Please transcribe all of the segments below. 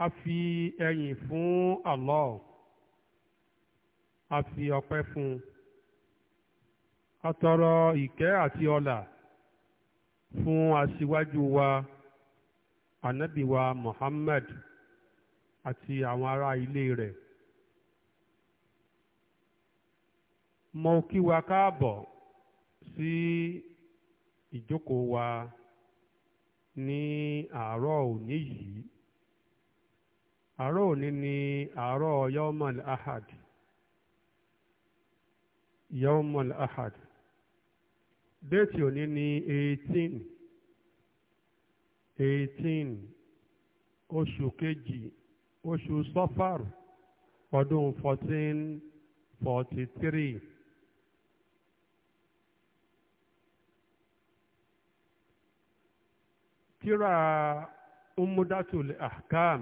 a fi ẹyìn fún Allah a fi ọpẹ́ fún un a tọrọ ìkẹ́ àti ọlà fún aṣíwájú wa ànábì wa Muhammad àti àwọn ará ilé rẹ̀. mo kí wa káàbọ̀ sí ìjókòó wa ní àárọ̀ òní yìí. àárọ̀ òní ni àárọ̀ yawmal ahad yawmal ahad déètì òní ni eighteen eighteen oṣù kejì oṣù sọfàr ọdún umudatul ahkam.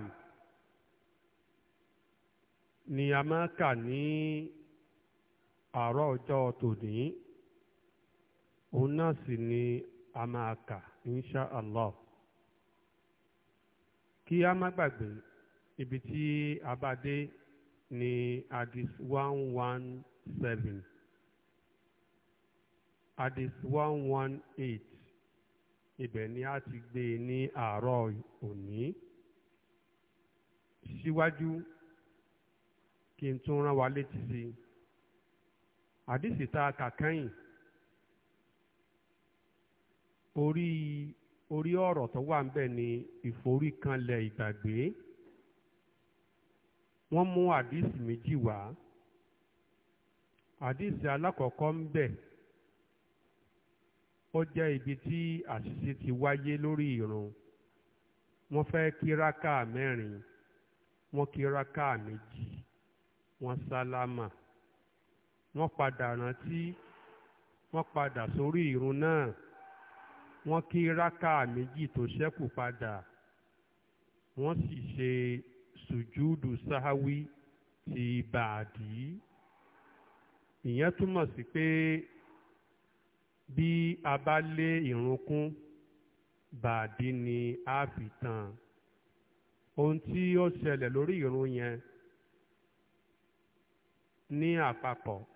ni a máa kà ní àárọ̀ ọjọ́ tòní òun náà sì ni a máa kà insha allah kí a má gbàgbé ibi tí a bá dé ní hadith one one seven hadith one one eight ibẹ̀ ni a ti gbé e ní àárọ̀ òní síwájú. Si kí n tún rán wa létí sí i àdìsí tá a kà kẹ́yìn orí orí ọ̀rọ̀ tó wà ńbẹ̀ ni ìforíkanlẹ̀ ìgbàgbé wọ́n mú àdìsí méjì wá àdìsí alákọ̀ọ́kọ́ ńbẹ̀ ó jẹ́ ibi tí àṣìṣe ti wáyé lórí ìrun wọ́n fẹ́ kí rákà mẹ́rin wọ́n kí rákà méjì wọ́n salama wọ́n padà rántí wọ́n padà sórí ìrun náà wọ́n kí rákà méjì tó ṣẹ́kù padà wọ́n sì ṣe sùjúdù sáháwí ti bàdí ìyẹn túmọ̀ sí pé bí a bá lé ìrun kún bàdí ni a fi tàn ohun tí ó ṣẹlẹ̀ lórí ìrun yẹn ní àpapọ̀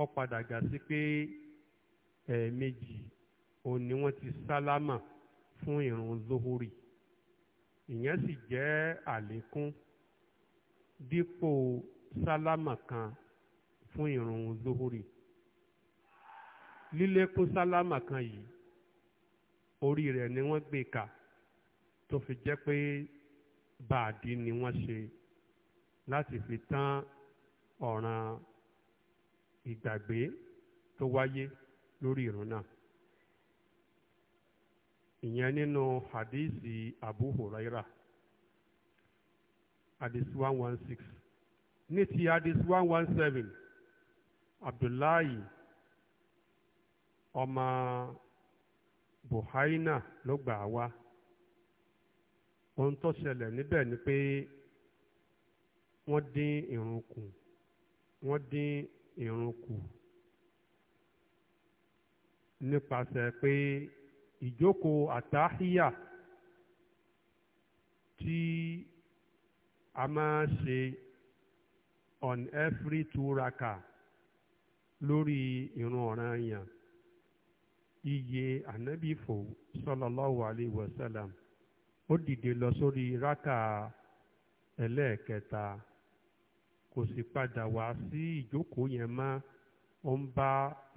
ó padà gà sí pé ẹ̀ẹ̀mejì òun ni wọ́n ti sálámà fún ìrun zohori ìyẹn sì jẹ́ àlékún dípò sálámà kan fún ìrun zohori lílékún sálámà kan yìí orí rẹ̀ ni wọ́n gbé ka tó fi jẹ́ pé báàdì ni wọ́n ṣe láti fi tán ọ̀ràn ìgbàgbé tó wáyé lórí ìrun náà ìyẹn nínú hadisi Abu Huraira hadisi one one ti hadisi one Abdullahi ọmọ Buhaina ló gbà wá ohun tó ṣẹlẹ̀ níbẹ̀ ni pé wọ́n dín wọ́n dín irun kù nípasẹ̀ pé ìjókòó àtàhíyà tí a máa ṣe on every two raka lórí irun ọ̀ràn yàn iye ànábì fò sallallahu alayhi wa sallam ó dìde lọ sórí raka ẹlẹ́ẹ̀kẹta kò sì padà wá sí ìjókòó yẹn mọ́ ó ń bá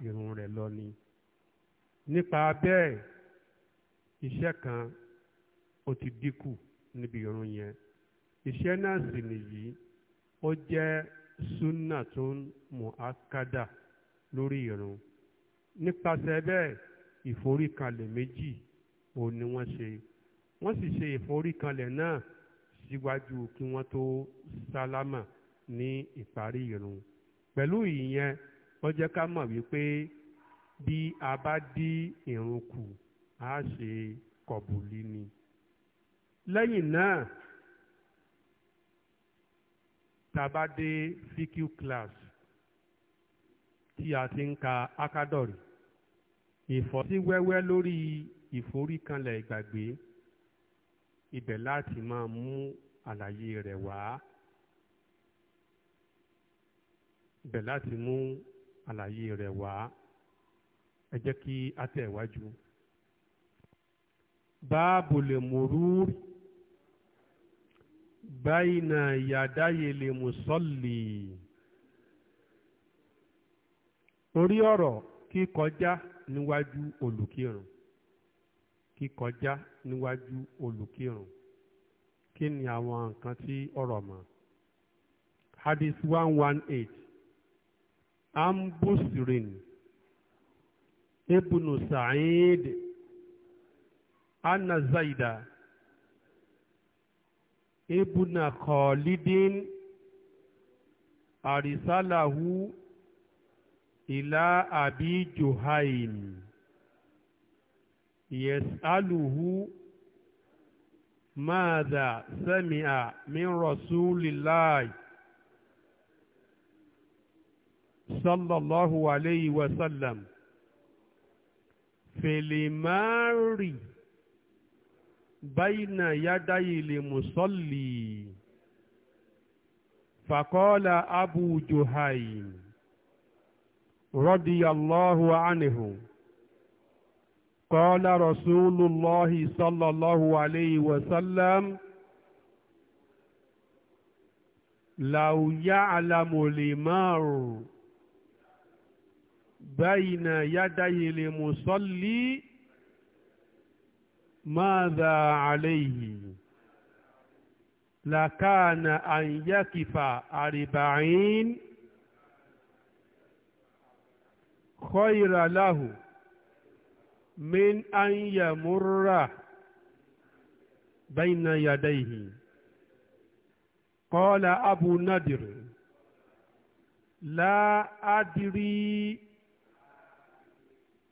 irun rẹ̀ lọ ni nípa bẹ́ẹ̀ iṣẹ́ kan ó ti dínkù níbi irun yẹn iṣẹ́ náà sì nìyí ó jẹ́ súnà tó ń mú akádà lórí irun nípasẹ̀ bẹ́ẹ̀ ìforíkalẹ̀ méjì ò ní wọ́n ṣe wọ́n sì ṣe ìforíkalẹ̀ náà síwájú kí wọ́n tó sálámà ní ìparí irun pẹ̀lú ìyẹn ó jẹ́ ká mọ̀ wípé bí a bá dí irun kù á ṣe kọ̀bùlí ni lẹ́yìn náà tá a bá dé fq class tí a ti ń ka akádọ̀rì ìfọ́síwẹ́wẹ́ lórí ìforíkanlẹ̀ ìgbàgbé ibẹ̀ láti máa mú àlàyé rẹ̀ wá. bẹ̀ láti mú àlàyé rẹ̀ wá ẹ jẹ́ kí a tẹ̀ wájú. báàbù lè múrú báyìnà yàdáyé lè mú sọ́ọ̀lì orí ọ̀rọ̀ kíkọjá níwájú olùkírun kíkọjá níwájú olùkírun kí ni àwọn nǹkan tí ọ̀rọ̀ mọ̀ hadith one one eight ambusrin ibnu sa'id anna zaida ibnu khalidin arisalahu ila abi juhaim yas'aluhu ماذا سمع من رسول الله sallallahu alayhi wa sallam filimari bayna yadayi limusalli faqala abu juhaym radiyallahu anhu قال رسول الله صلى الله عليه وسلم لو يعلم لمار báyìnà yádayèlè mùsọ́lì máàdà àléyìí làkàna àyàkìfà àrìbàáyín khayra lahu min an yamurra bayna yadayhi qala abu nadir la adri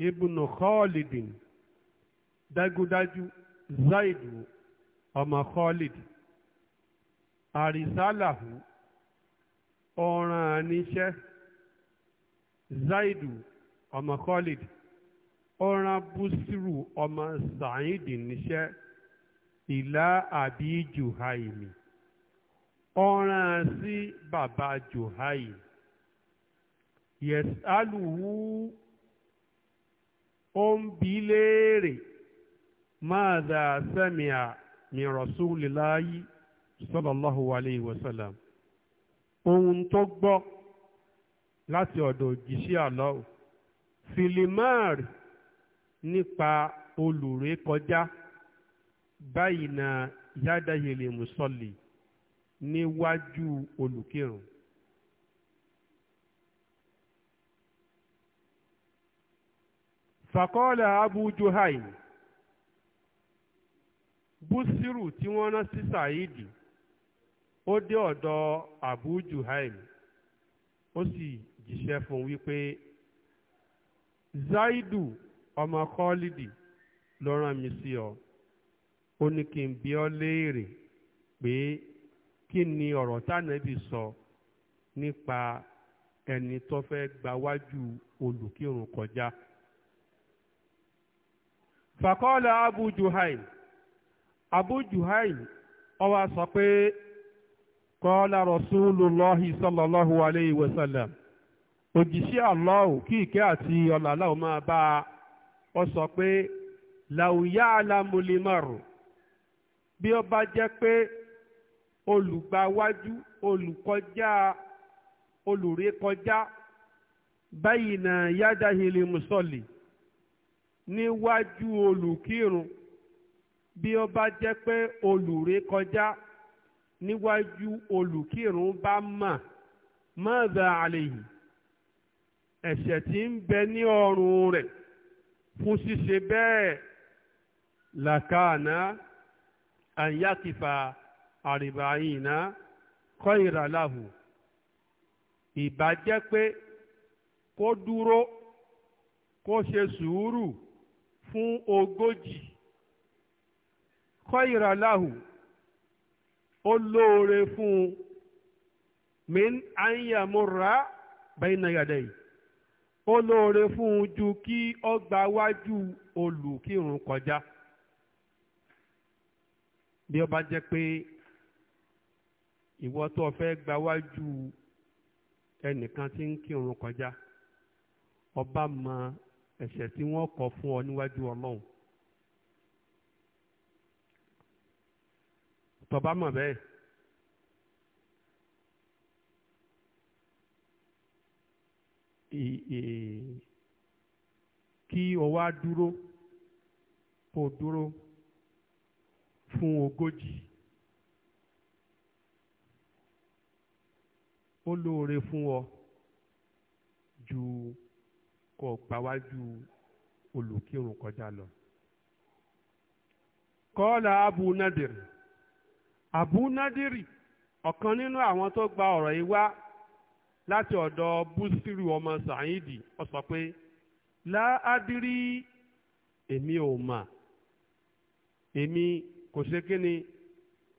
ibùnú khalidin dájúdájú zaidu ọmọ khalid àrísàlàhù ọ̀ràn àníṣẹ́ zaidu ọmọ khalid ọ̀ràn búsírù ọmọ sàáìdì níṣẹ́ ìlà àbí juhaimi ọ̀ràn sí bàbá juhaimi yẹ̀sálùwú. Yes, ó ń bi léèrè máa dà mi min rasulillahi sallallahu alayhi wa sallam ohun tó gbọ́ láti ọ̀dọ̀ ala Allah filimari nípa olùrékọjá báyìí na yádàyèlè mùsọ̀lì níwájú olùkírun fàkọ́ọ̀lá abu juhaim búsírù tí wọ́n rán sí saidi ó dé ọ̀dọ̀ abu juhaim ó sì jíṣẹ́ fún wípé zaidu ọmọ kọ́lídì ló rán mi sí ọ ó ní kí n bí ọ léèrè pé kí ni ọ̀rọ̀ tánàbì sọ nípa ẹni tó fẹ́ gbawájú olùkírun kọjá. fàkọ́ọ̀lá abu juhail abu juhail ó sọ pé kọ́ọ̀lá rasulullahi sallallahu alayhi wa sallam òjìṣẹ́ Allahu kí ìkẹ́ àti ọlà aláwọ̀ máa bá a ọ sọ pé làwùyá alámúlimọ̀rù bí ó bá jẹ́ pé olùgbàwájú olùkọjá olùrékọjá báyìí náà yádàhìlì mùsọ̀lì níwájú olùkírun bí ó bá jẹ́ pé olùrékọjá níwájú olùkírun bá mà mọ́ọ̀dà àlèyìn ẹ̀ṣẹ̀ tí ń bẹ ní ọrùn rẹ̀ fún ṣíṣe bẹ́ẹ̀ làkàánà àyàkìfà àrìbáyìnà kọ́ ìràláhù pé kó dúró kó ṣe sùúrù fún ogójì kọ́yìnrà láhù ó lóore fún un min anyamura bẹ́yìn nàgàdà yìí ó lóore fún un ju kí ọ gba wájú olùkírun kọjá bí ọba bá jẹ́ pé ìwọ tó fẹ́ gba wájú ẹnìkan tí ń kírun kọjá ọba mọ ẹ̀ṣẹ̀ tí wọ́n kọ fún ọ níwájú ọlọ́run tó bá mọ̀ bẹ́ẹ̀ kí o wá dúró kó o dúró fún ogójì ó lóore fún ọ ju kó o gbáwájú olùkírun kọjá lọ. kọ́lá abu nadir abu nadiri ọ̀kan nínú àwọn tó gba ọ̀rọ̀ yìí wá láti ọ̀dọ̀ búsírù ọmọ sàyídì ó sọ pé láádírí èmi ò mà èmi kò ṣe kí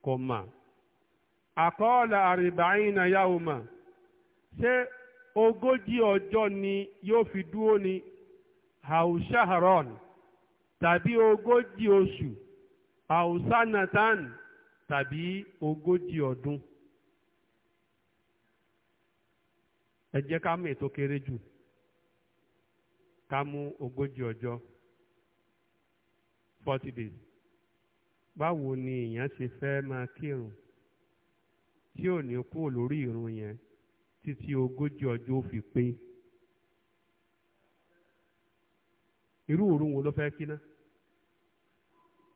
kò mà àkọọ́lẹ̀ àrìbáyìn náà yá ò mà ṣé ogójì ọjọ́ ni yóò fi dúró ni haushaharon tàbí ogójì oṣù hausanatan tàbí ogójì ọdún. ẹ jẹ́ ká mú ètò kéré jù ká mú ogójì ọjọ́ forty days báwo ni èèyàn ṣe fẹ́ máa kírun tí ò ní kú lórí ìrun yẹn títí ogójì ọjọ́ ó fi pé irú òru wo ló fẹ́ kí ná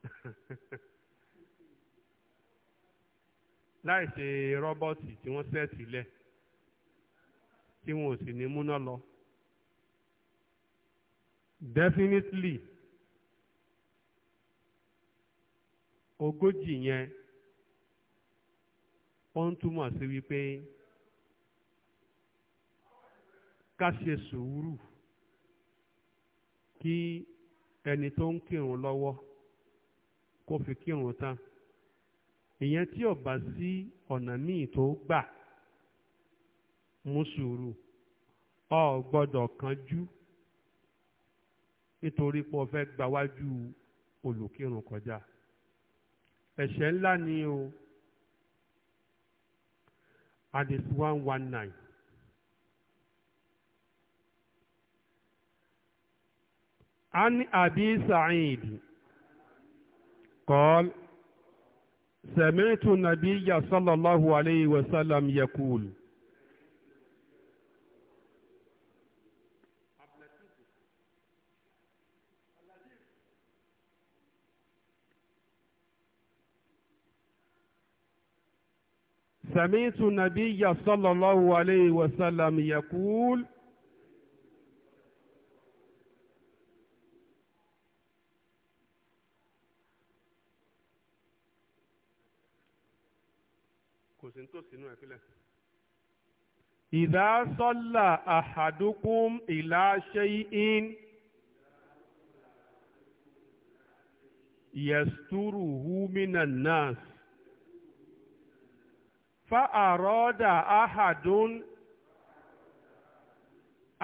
láì ṣe rọ́bọ́ọ̀tì tí wọ́n sẹ́ẹ̀tì lẹ̀ tí wọn ò sì ní múná lọ definitely ogójì yẹn ó ń túmọ̀ sí wípé ká ṣe sùúrù kí ẹni tó ń kírun lọ́wọ́ kó fi kírun tán ìyẹn tí ò bá sí ọ̀nà míì tó gbà mú sùúrù o gbọ́dọ̀ kánjú nítorí pé o fẹ́ gbawájú olùkírun kọjá ẹ̀ṣẹ̀ ńlá ni o hadith one one nine. عن أبي سعيد قال سمعت النبي صلى الله عليه وسلم يقول سمعت النبي صلى الله عليه وسلم يقول kò sí nítòsí inú ẹ̀ fílẹ̀. ìdá sọ́là àhàdúkùm ìlà ṣe in yẹ̀stúrù húmínà náà fa àrọ́dà àhàdún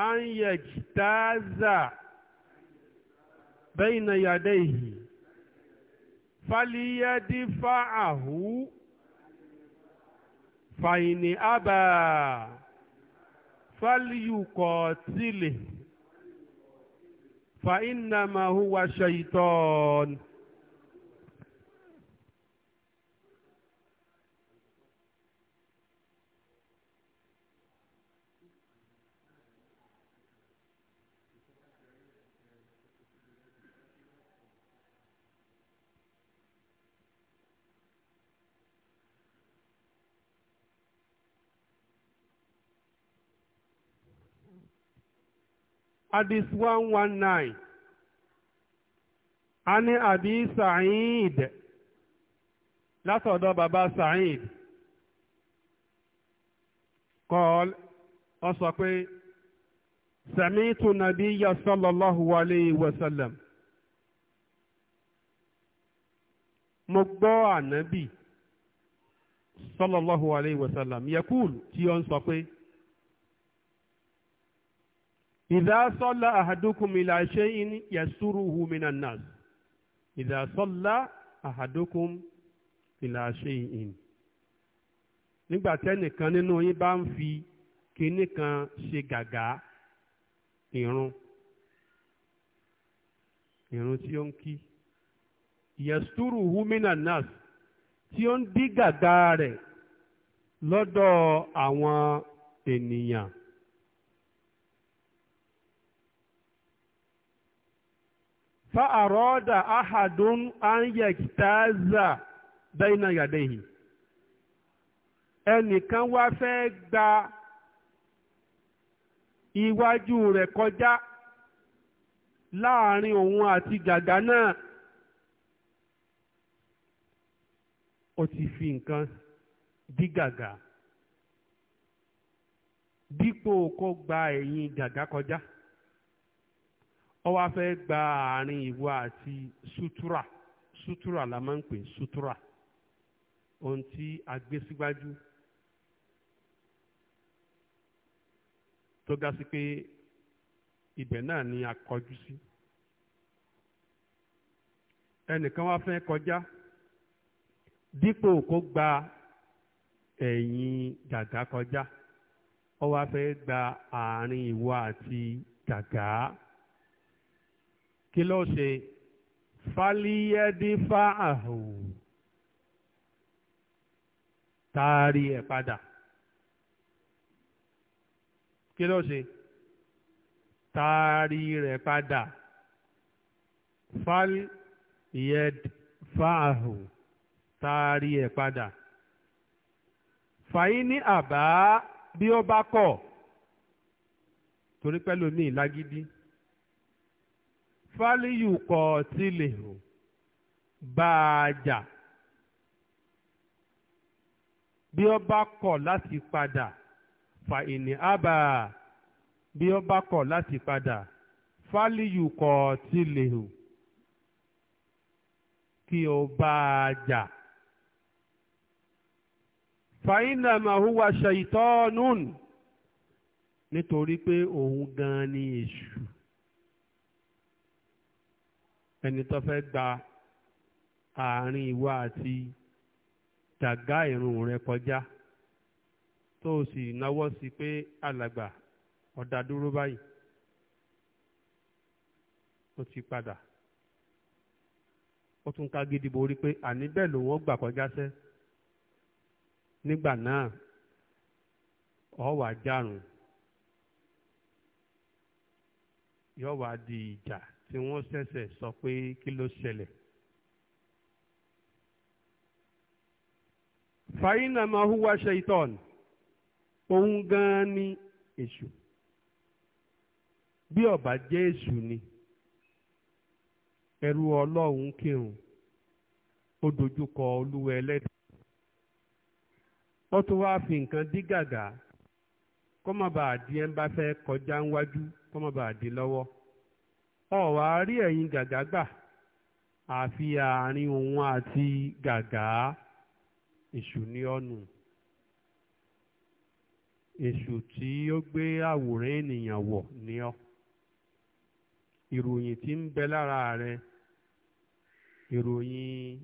an yẹ̀jìtáza bẹ́yìn yàdẹ́yìí faliyẹ́dífà àhú fàyìnì àbà fàlìyùkọ̀ tìlẹ̀ fàyìnàmà hùwà ṣàyìtọ́ọ̀nù. hadith 119 ani abi sa'id látọ̀dọ̀ baba sa'id kọ́ọ̀l ọ sọ pé sami'tu nabiyya sallallahu alayhi wa sallam mo gbọ́ ànábì sallallahu alayhi wa sallam tí ó ń sọ pé إذا صلى أحدكم إلى شيء يسره من الناس إذا صلى أحدكم إلى شيء nígbà tẹ́nìkan nínú yín bá ń fi kinní kan ṣe gàgà ìrun ìrun tí ó ń kí yẹ̀sùtúrù húmínà nas tí ó ń dí gàgà rẹ̀ lọ́dọ̀ àwọn ènìyàn. فأراد أحد أن يجتاز بين يديه kan wá fẹ́ gba iwájú rẹ̀ kọjá láàrin òun àti gàgá náà ó ti fi nǹkan dí gàgá dípò kó gba ẹ̀yìn gàgá kọjá. ó wá fẹ́ gba àárín ìwọ àti sutura sutura la máa ń pè sutura ohun tí a gbé síwájú tó ga sí pé ibẹ̀ náà ni a kọjú sí ẹnìkan wá fẹ́ kọjá dípò kó gba ẹ̀yìn gàgá kọjá ó fẹ́ gba àárín ìwọ àti gàgá kí ló ṣe fálíyẹ́dífà àhù taari ẹ̀ padà kí ló ṣe taari rẹ̀ padà fálíyẹ́dífà àhù taari ẹ̀ padà fàyí ní àbá bí ó bá kọ̀ torí pẹ́lú mi lágídí fálíyù kọ̀ tilẹ̀ o bá a jà bí ó bá kọ̀ láti padà fa ìní àbá bí ó bá kọ̀ láti padà fálíyù kọ̀ tilẹ̀ o kí o bá a jà fàínàmà huwa ṣàìtọ́nùn nítorí pé òun gan ni èṣù. ẹni tó fẹ́ gba àárín ìwọ àti dàgá ìrun rẹ kọjá tó o sì náwó sí pé alàgbà ọ̀dà dúró báyìí ó ti padà ó tún ká gidi borí pé àní bẹ́ẹ̀ ló wọ́n gbà kọjá sẹ́ nígbà náà ọ járùn yóò wá di ìjà tí wọ́n ṣẹ̀ṣẹ̀ sọ pé kí ló ṣẹlẹ̀. fàyínà máa hùwà ṣaitan òun gan-an ni èṣù bí ọba jẹ́ èṣù ni ẹrú ọlọ́run kírun ó dojúkọ olúwa ẹlẹ́dàá ó tún wáá fi nǹkan dí gàgà kó ẹ̀ ń bá fẹ́ kọjá ńwájú kó lọ́wọ́. ọ̀wá rí ẹ̀yin gàgà gbà àfi àárín òun àti gàgà èṣù ní ọ̀nù èṣù tí ó gbé àwòrán ènìyàn wọ̀ ní ọ ìròyìn tí ń bẹ lára rẹ ìròyìn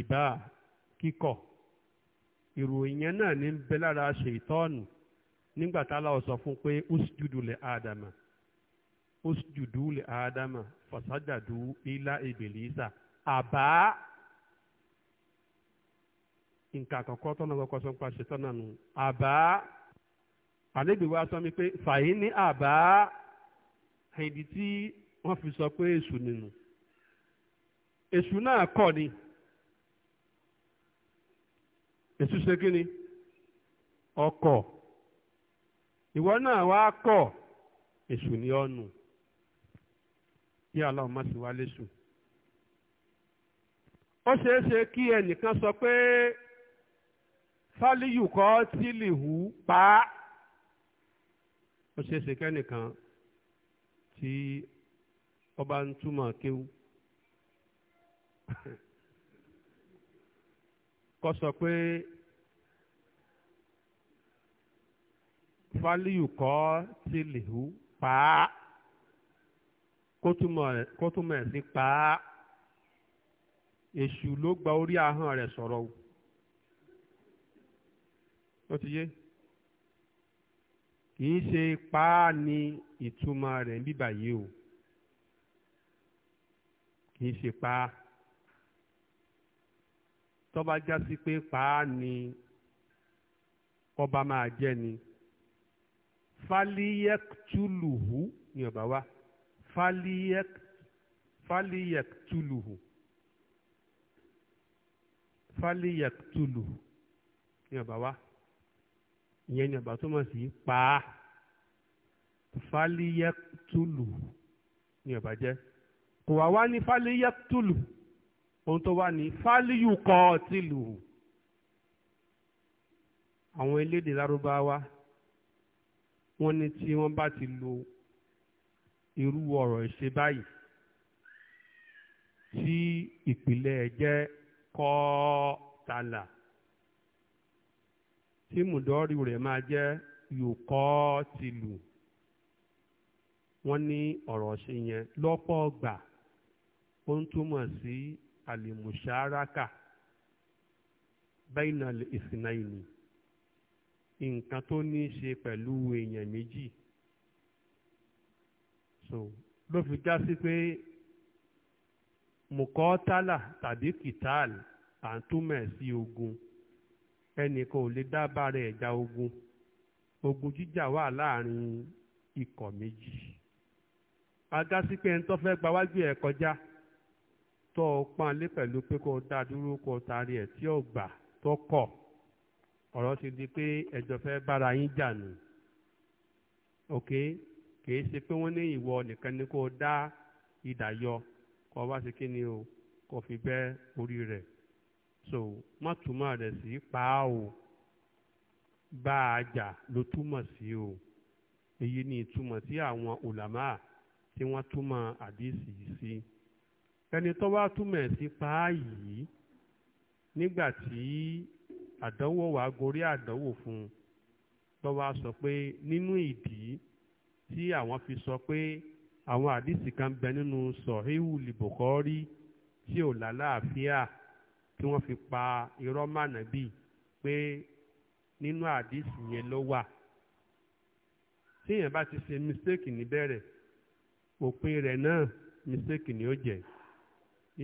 ìbá kíkọ ìròyìn yẹn náà ní ń bẹ lára ṣètọ́ọ̀nù nígbà tá aláwọ̀ sọ fún pé usjudu li ádámà usjudu li ádámà fasajadu ila ìbìlísà àbá nǹkan àkọ́kọ́ tọ́nà kọ́kọ́ sọ pa ṣetánà nù àbá àlébi wa sọ mi pé fàyín ní àbá ìdí tí wọ́n fi sọ pé èṣù nínú èṣù náà kọ́ ni èṣù ṣe kí ni ọkọ̀. ìwọ náà wá kọ̀ èṣù ní ọnù kí aláwọ̀ má sì wá léṣù. ó ṣeé ṣe kí ẹnìkan sọ pé fálíyù tí lè hù pa á ó ṣeé ṣe kẹ́nìkan tí ọba ń túmọ̀ kéwú kọ́ sọ pé. fálíùkọ́ ti lèhu pa á kó túmọ̀ ẹ̀ sí pa á èṣù ló gba orí ahọ́n rẹ̀ sọ̀rọ̀ o ó ti yé kì í ṣe pa á ní ìtumọ̀ rẹ̀ ń bíbà yìí o kì í ṣe pa á tọ́ba já sí pé pa á ní ọba máa jẹ́ ni. Obama, fálíyẹ́kítúlùhù ni ọ̀bá wa fálíyẹ́kítúlùhù fálíyẹ́kítúlùhù ni ọ̀bá wa ìyẹn ni ọ̀bá túmọ̀ sí pa á fálíyẹ́kítúlùhù ni ọ̀bá jẹ́ kò wá wá ní fálíyẹ́kítúlùhù ohun tó wá ní fálíyùkọ́ọ̀tìlùhù àwọn elédè lárúbáwá wọ́n ní tí wọ́n bá ti lo irú ọ̀rọ̀ ìṣe báyìí tí ìpìlẹ̀ ẹ̀ jẹ́ kọ́ọ̀tàlà tí mùdọ́rì rẹ̀ máa jẹ́ yòókọ́ọ̀tìlù wọ́n ní ọ̀rọ̀ ṣe yẹn lọ́pọ̀ ọgbà ó ń túmọ̀ sí àlèmùsáràkà bẹ́ẹ̀nà ìsìnà ìní nǹkan tó ní í ṣe pẹ̀lú èèyàn méjì so ló fi já sí pé mùkọ́tálà tàbí kìtáàl à ń túmọ̀ sí ogun ẹnìkan ò lè dábàá rẹ̀ ẹ̀já ogun ogun jíjà wà láàrin ikọ̀ méjì aga sí pé ẹni tó fẹ́ gba wájú ẹ̀ kọjá tó o pọ́n lé pẹ̀lú pé kó o dá dúró kó o taari ẹ̀ tí ò gbà tó kọ̀ ọ̀rọ̀ ti di pé ẹjọ́ fẹ́ bára yín jà nù ok kìí ṣe pé wọ́n ní ìwọ nìkan ni kó dá idà yọ kó wá sí kíni o kó fi bẹ́ orí rẹ̀ so má túmọ̀ rẹ̀ sí pa á o bá a jà ló túmọ̀ sí o èyí ni ìtumọ̀ tí àwọn òlàmá tí wọ́n túmọ̀ àdìsí sí ẹni tó wá túmọ̀ sí pa á yìí nígbà tí àdánwò wà gorí àdánwò fún un tó wá sọ pé nínú ìdí tí àwọn fi sọ pé àwọn àdìsí kan bẹ nínú sọ̀híhù lìbòkọ́rí tí ò lálàáfíà tí wọ́n fi pa irọ́ mànàbí pé nínú àdìsí yẹn ló wà tí èèyàn bá ti ṣe mistake níbẹ̀rẹ̀ òpin rẹ̀ náà mistake ni ó jẹ́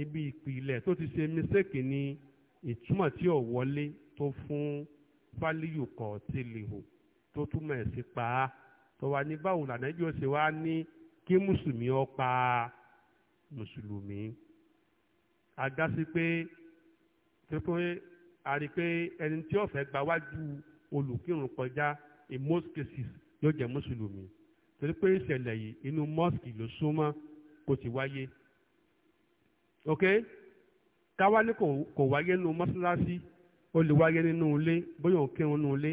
ibi ìpìlẹ̀ tó ti ṣe mistake ni ìtumọ̀ tí ò wọlé tó fún fálíyù kan tí lè hù tó túmọ̀ sí pa á tó wà ní báwo lànàbí ó ṣe wá ní kí mùsùlùmí ó pa mùsùlùmí agásí pé tó pé a rí i pé ẹni tí ó fẹ́ gba wájú olùkírun kọjá in most cases yóò jẹ́ mùsùlùmí torí pé ìṣẹ̀lẹ̀ yìí inú mosque ló súnmọ́ kó ti wáyé ok káwá ní kò wáyé nínú mọ́ṣáláṣí ó lè wáyé nínú ilé bóyá òun kírun nínú ilé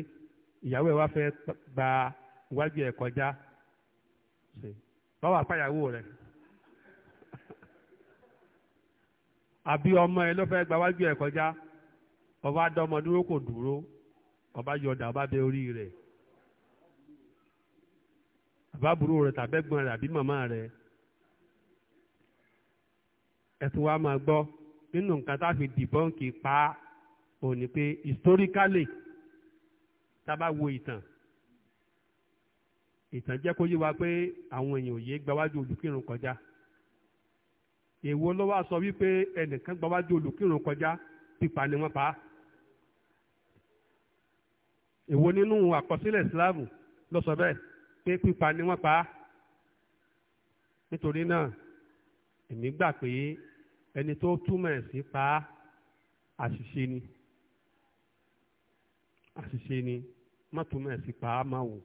ìyàwó ẹ̀ wá fẹ́ gba iwájú ẹ̀ kọjá báwa pàyàwó rẹ̀ àbí ọmọ ẹ̀ ló fẹ́ gba iwájú ẹ̀ kọjá ọba dọmọ dúró kò dúró ọba yọdà ọba bẹ orí rẹ̀ àbábúrò rẹ̀ tàbẹ́gbọ́n rẹ̀ àbí màmá rẹ̀ ẹ̀ tún wá máa gbọ́ nínú nǹkan tá a fi dìbọ́ǹkì pa á òun ni pé historically tá a bá wo ìtàn ìtàn jẹ́ kó yé wa pé àwọn èèyàn òye gbáwájú olùkírun kọjá èwo ló wá sọ wípé ẹnìkan gbáwájú olùkírun kọjá pípa ni wọ́n pa á èwo nínú àkọsílẹ̀ ìsìláàmù ló sọ bẹ́ẹ̀ pé pípa ni wọ́n pa á nítorí náà èmi gbà pé ẹni tó túmọ̀ sí pa á àṣìṣe ni àṣìṣe ni má tó mẹ́sì pa á máa wò.